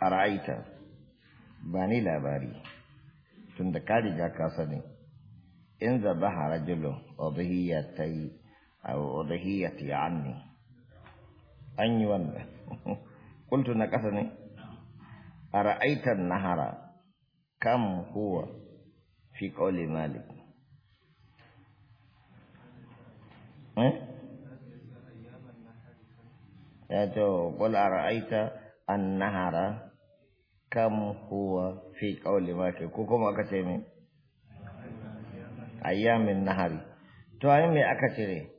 a ra'aita ba ni labari tun da ka riga ka sani in zaba rajulun udhiyatai aw udhiyati anni an yi wanda kuntu na kasa ne a ra'aitar nahara kam huwa fi kole malik eh? ya to qul ara'aita annahara kam huwa fi qawli wake ko kuma aka ce ne ayyamin nahari to ayi me aka cire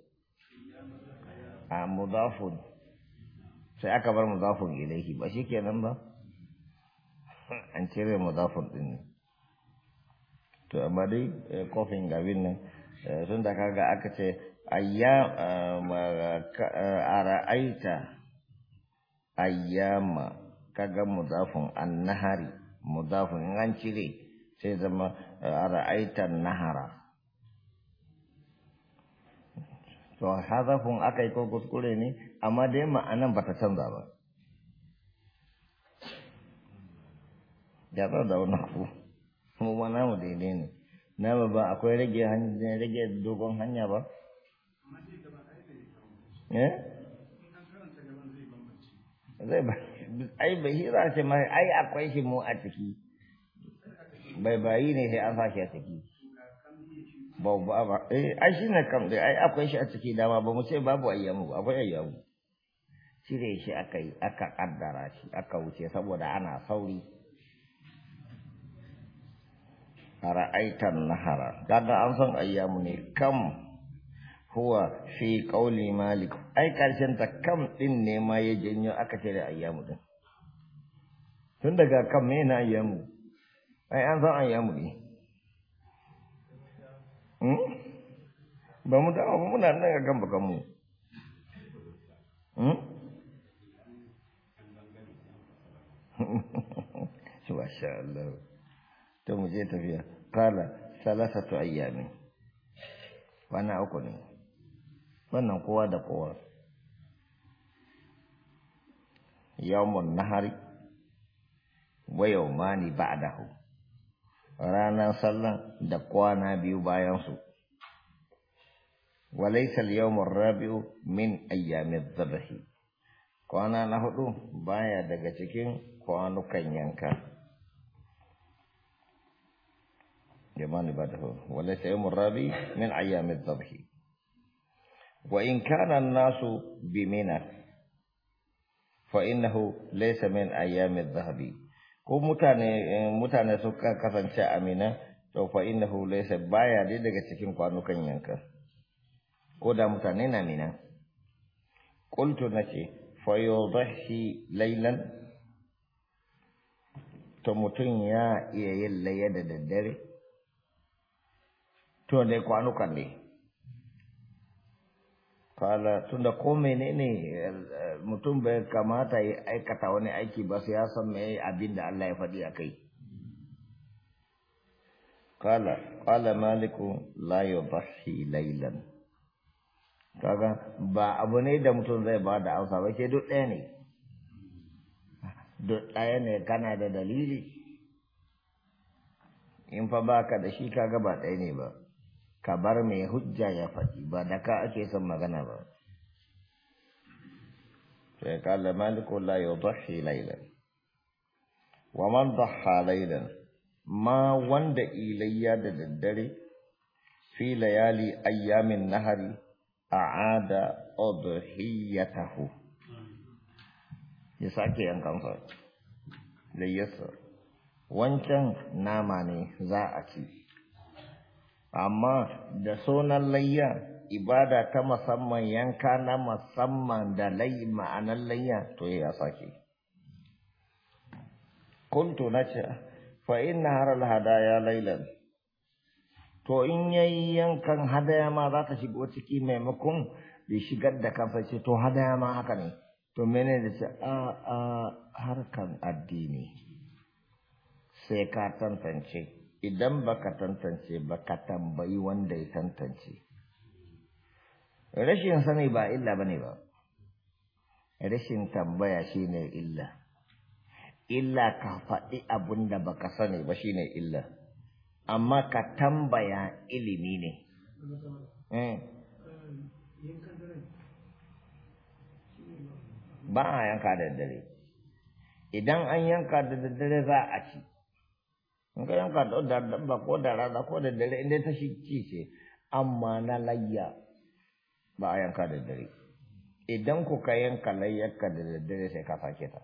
a ah, mudafun sai aka bar mudafun ilaihi ba shi kenan ba an cire mudafun din ne to amma dai eh, kofin gabin nan eh, tun da kaga aka ce ayya eh, a ra'aita ayyama kaga mudafin annahari mudafin an cire sai zama eh, ra'aitar nahara to hazafin aka yi ko kuskure ne amma dai ma'anan ba ta canza ba ya da wani ku mu ma namu daidai ne namu ba akwai rage dogon hanya ba eh zai ai bahira ce mai ai akwai shi mu a ciki bai bayi ne sai an sa shi a ciki ba ba ba eh ai shi ne kam dai ai akwai shi a ciki dama ba mu ce babu ayyamu akwai ayyamu cire shi aka yi aka kaddara shi aka wuce saboda ana sauri aitan nahara kaga an san ayyamu ne kam huwa fi qauli malik ai karshen ta kam din ne ma ya janyo aka ce da ayyamu din tun daga kam me na ayyamu ai an san ayyamu ne hmm ba mu dawo muna nan ga kan bakan mu hmm masha Allah to mu je tafiya salasa salasatu ayyamin wana uku ne wannan kowa da kowa yawmun nahari wa yawmani ba'dahu ranar sallan da kwana biyu bayansu walaysa al-yawmu rabiu min ayyami dhabhi kwana na hudu baya daga cikin kwanukan yanka yawmani ba'dahu walaysa yawmu rabi min ayyami dhabhi وإن كان الناس بمنى فإنه ليس من أيام الذهب ko mutane eh, mutane suka kasance amina to fa innahu laysa baya dai daga cikin kwanukan yanka ko da mutane na mina qultu nace fa yudhi laylan to mutum ya iya yin laye da daddare to dai kwanukan ne kala tunda ko menene mutum bai kamata ya aikata wani aiki ba sai ya san me abin da Allah ya faɗi a kai kala kala maliku la yubahi laylan kaga ba abu ne da mutum zai ba da amsa ba ke duk ɗaya ne duk ɗaya ne kana da dalili in fa baka da shi kaga ba ɗaya ne ba ka bar mai hujja ya faɗi ba da ka ake son magana ba sai da maliku la yudhi laylan wa man dhaha laylan ma wanda ilayya da daddare fi layali ayyamin nahari a'ada udhiyatahu ya sake yankan sa layyasa wancan nama ne za a ci amma da sunan layya ibada ta musamman yanka na musamman da layi ma'anar layya to ya sake kuntu na ce fa inna harar hadaya lailan to in yayi yankan hadaya ma za ta shigo ciki maimakon da shigar da kansa ce to hadaya ma haka ne to mene da ce a a harkan addini sai ka tantance idan baka tantance ba ka tambayi wanda ya tantance rashin sani ba illa bane ba rashin tambaya shine illa illa ka faɗi abun da baka sani ba shine illa amma ka tambaya ilimi ne eh. ba a yanka da dare idan an yanka da daddare za a ci in ka yanka oh, da dabba ko da rana ko da dare in ta shi ce amma na layya ba a yanka da dare idan ku ka yanka layyarka da dare sai ka sake ta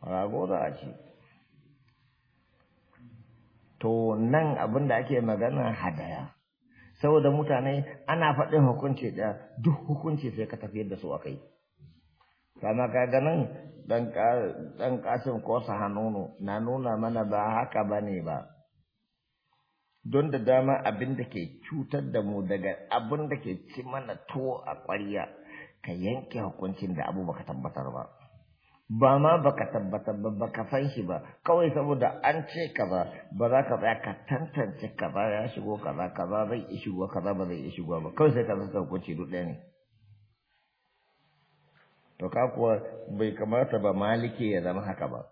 rago za a ci to nan abin da ake magana hadaya saboda mutane ana faɗin hukunci da duk hukunci sai ka tafiyar da su a kai sama ka ganin dan kashin ko na nuna mana ba haka ba ne ba don da dama abin da ke cutar da mu daga abin da ke ci mana tuwo a ƙwarya ka yanke hukuncin da abu baka tabbatar ba ba ma baka tabbatar ba baka san shi ba kawai saboda an ce ka ba ba za ka tsaya ka tantance ka ba ya shigo kaza kaza zai iya shigo kaza ba zai iya shigo ba kawai sai ka zata hukunci duk ɗaya ne to ka kuwa bai kamata ba maliki ya zama haka ba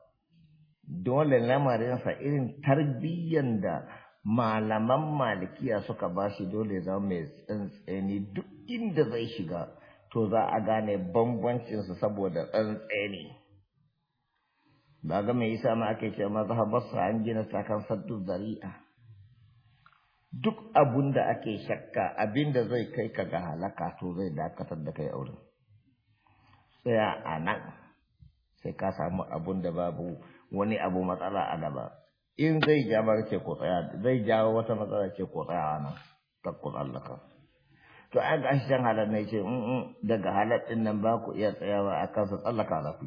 dole lamarinsa irin tarbiyyan da malaman malikiya suka ba shi dole zama mai tsantseni duk inda zai shiga to za a gane bambancinsa saboda tsantseni ba ga mai isa ma ake ce mazhabarsa an gina sakan saddu zari'a duk abun ake shakka abinda zai kai ka ga halaka to zai dakatar da kai aure. tsaya a nan sai ka samu abun da babu wani abu matsala a gaba in zai ba ce ko tsaya zai jawo wata matsala ce ko tsaya nan ta ku tsallaka to an ga shi can halar ne ce daga halar din nan ba ku iya tsayawa a kansa tsallaka na ku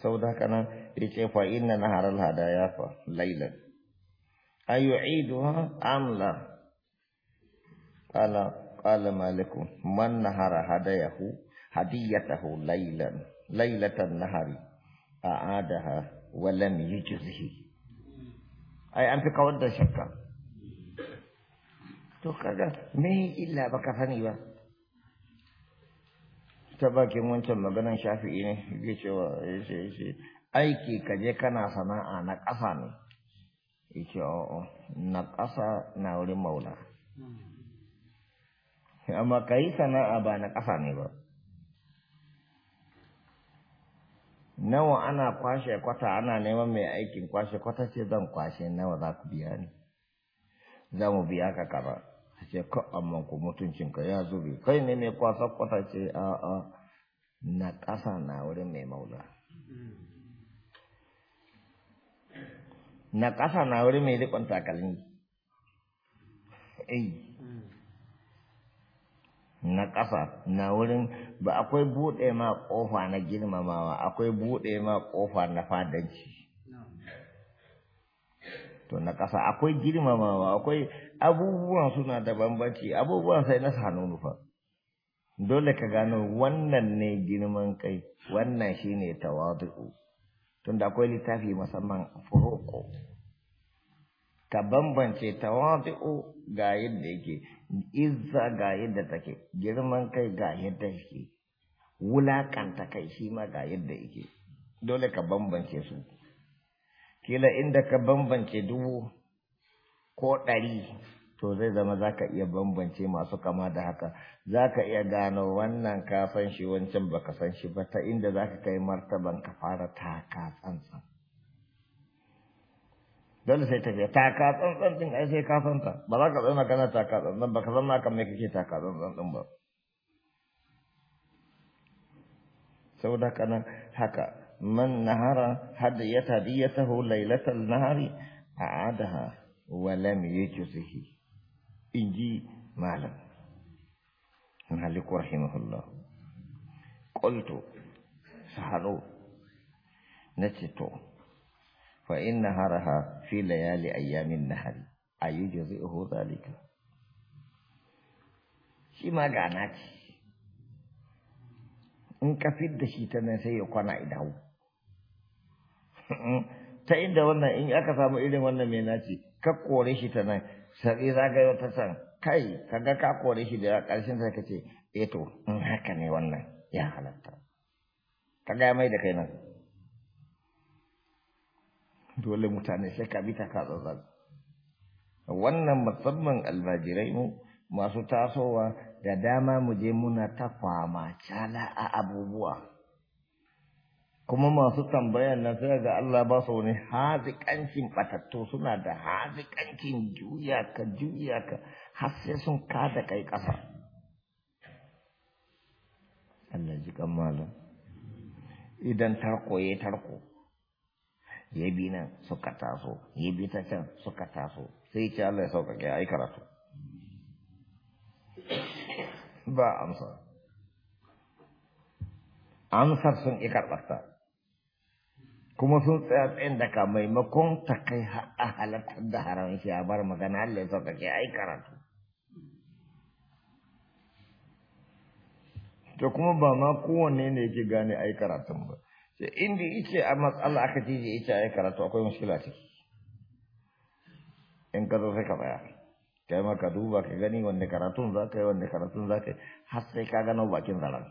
sau da haka nan ya ce fa inna na harar ya fa lailan ha amla قال مالك من نهر هديه هديته ليلا ليلة النهر أعادها ولم يجزه أي أنت شكا to kaga me illa baka sani ba ta bakin wancan maganan shafi'i ne ya ya ce aiki kaje kana sana'a na ƙasa ne ya ce na ƙasa na wurin maula amma ka yi sana'a ba na ƙasa ne ba nawa ana kwashe kwata ana neman mai aikin kwashe kwata ce zan kwashe nawa za ku biya ni za mu biya ka kara a ce ka amma ku mutuncinka ya zube kai ne mai kwasa kwata ce a a na kasa na wurin mai maula na kasa na wurin mai rikon takalmi na ƙasa na wurin ba akwai buɗe ma ƙofa na girmamawa akwai buɗe ma ƙofa na fadanci to na ƙasa akwai girmamawa akwai abubuwan suna da bambanci abubuwan sai na sanu nufa dole ka gano wannan ne girman kai wannan shine tawadu tunda akwai littafi musamman furuqu ka bambance o ga yadda yake izza ga yadda take girman kai ga yadda yake wulakanta kai shi ma ga yadda yake dole ka bambance su kila inda ka bambance dubu ko ɗari to zai zama za ka iya bambance masu kama da haka za ka iya gano wannan ka san shi wancan baka san shi ba ta inda za ka kai martaban ka fara taka tsantsan dole sai tafiya taka tsantsan din ai sai ka santa ba za ka zauna kana taka tsantsan ba ka zama kan me kake ta taka tsantsan din ba saboda kana haka man nahara hadiyata diyatahu laylatal nahari a'adaha wa lam yujzihi inji malam malik rahimahullah qultu sahalu nace to Fa haraha haraha layali ayyamin أيام ayu jazihu ذلك shi ma gana ce in ka fidda shi ta nan sai ya kwana idahu ta inda wannan in aka samu irin wannan mai naci ka kore shi ta nan sai zagayo ta san kai kaga ka kore shi da karshen sai ka ce eh to in haka ne wannan ya halatta kaga mai da kai nan dole mutane sai ka bi ta katsatsan wannan musamman almajirai mu masu tasowa da dama mu je muna ta kwama cala a abubuwa kuma masu tambaya na sai ga Allah ba su wani hazikancin batattu suna da hazikancin juya ka juya ka har sai sun kada kai ƙasa Allah ji malam idan tarko ya tarko ya bi nan suka taso ya bi ta can suka taso sai ce Allah ya sauƙaƙe a yi karatu ba amsa amsar sun yi karɓarta kuma sun tsaya tsayin daga maimakon ta kai a halartar da haram shi a bar magana Allah ya sauƙaƙe a yi karatu to kuma ba ma kowanne ne yake gane a yi karatun ba Indi ice a matsala aka ce a karatu akwai mashila ce in ka zo sai ka baya kai ma ka duba ka gani wanne karatun za ka yi wanne karatun za ka yi har sai ka gano bakin zaran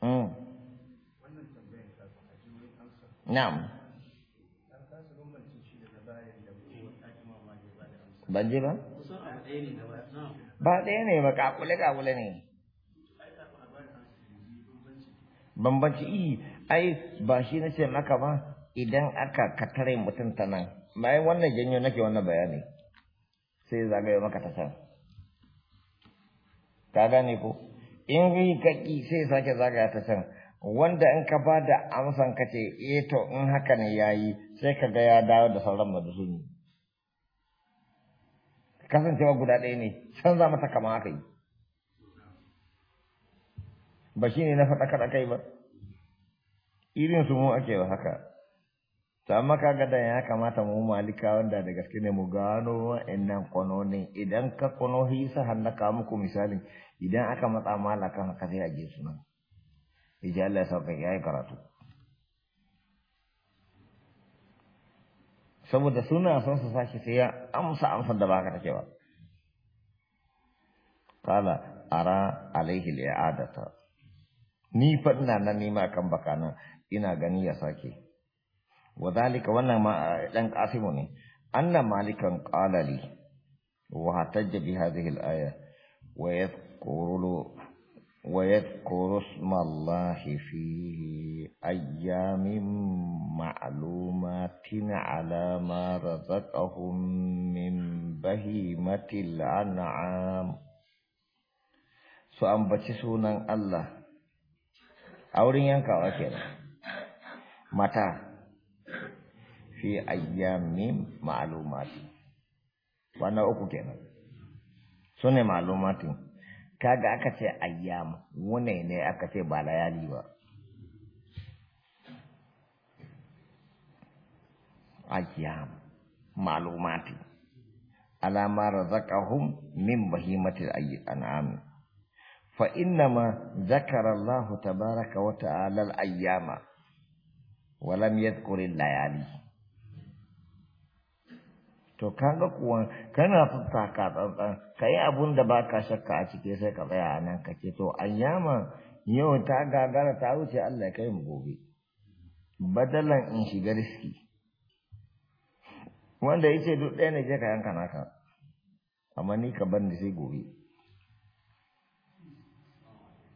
hmm. na'am ban je ba ba ɗaya ne ba kakule kakule ne bambanci i ai ba shi na ce maka ba idan aka katare mutum ta nan bayan wannan janyo nake wannan bayani sai zagaye maka ta can ka gane ko in yi kaki sai sake zagaya ta can wanda in ka ba da amsan ka ce eh to in haka ne ya yi, sai ka ga ya dawo da sauran madusuni kasancewa guda ɗaya ne canza mata kama haka yi ba shi ne na faɗa a kai ba irin su mu ake haka ta maka ya kamata mu malika wanda da gaske ne mu gano wa'annan kwanonin idan ka kwano hisa hannaka muku misali. idan aka matsa malaka haka sai a je su nan Allah ya sauka ya yi karatu saboda suna son su sake sai ya amsa amsar da baka take ba qala ara alaihi al ni fa ina nan nima kan bakana ina gani ya sake wadhalika wannan ma dan eh, kasimu ne anna malikan qala li wa hatajja bi hadhihi al-aya wa yadhkuru wa yadhkuru smallahi fi ayyamin ma'lumatin ala ma razaqahum min bahimatil an'am su ambaci sunan Allah a wurin yankawa kenan mata fi ayyamin ma'alumati wannan uku kenan su ne ma'lumati kaga aka ce ayyam wune ne aka ce ba layali ba ayyam ma'alumati alamar zakahun min ayyukan amin. فإنما ذكر الله تبارك وتعالى الأيام ولم يذكر الليالي to kaga kuwa kana ka tsantsan kai abun da baka shakka a cike sai ka tsaya a nan kake to ayyama yau ta gagara ta wuce Allah kai mu gobe badalan in shiga riski wanda yace duk ɗaya na je ka yanka naka amma ni ka bar ni sai gobe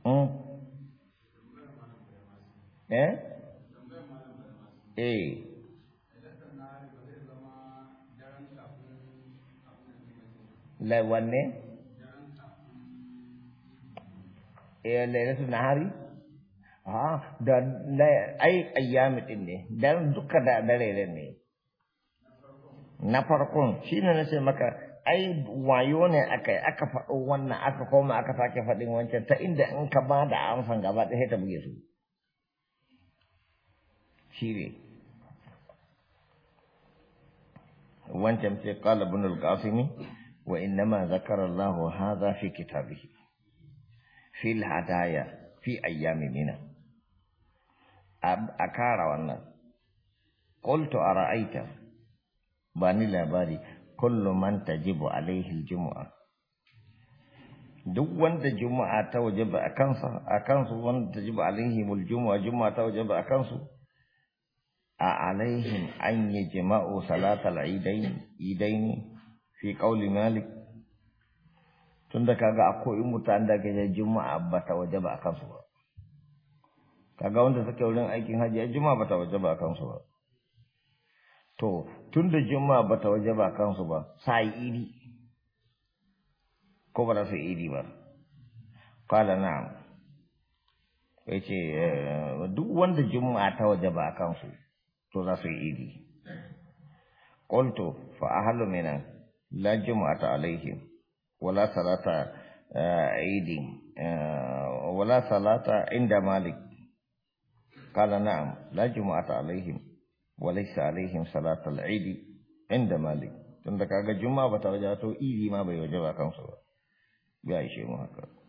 Hmm? Eh? Eh. Wanne? Eh, lailatul nahari? Ah, da ai ayyami din ne, dan duka da dare ne. Na farkon shine nace maka ai wayo ne aka aka faɗo wannan aka koma aka sake faɗin wancan ta inda in ka ba da amsan gaba ɗaya ta buge su shi ne wancan sai qala ibn al wa innama zakara Allah hadha fi kitabihi fi al-hadaya fi ayyami mina akara wannan qultu ara'aita bani labari kullu man tajibu alaihi aljumu'a duk wanda juma'a ta wajaba a kansa a kansu wanda tajibu alaihi aljumu'a juma'a ta wajaba a kansu a alaihim an yajma'u salatal idain idain fi qawli malik tunda kaga akwai mutanen da ke juma'a ba ta wajaba a kansu ba kaga wanda suke wurin aikin hajji juma'a ba ta wajaba a kansu ba to tun da juma ba ta waje ba kansu ba sa yi idi ko ba za su idi ba kala na'am ya ce eh, duk wanda juma ta waje ba kansu to za su yi idi qultu fa halu minan la ta alaihim wala salata eh, idi. Eh, wala salata inda malik na'am la لا ta alaihim. وليس عليهم صلاة العيد عند مالك تندك جمعة بتوجهاتو إيدي ما بيوجبها كم صلاة بيعيشي مهكذا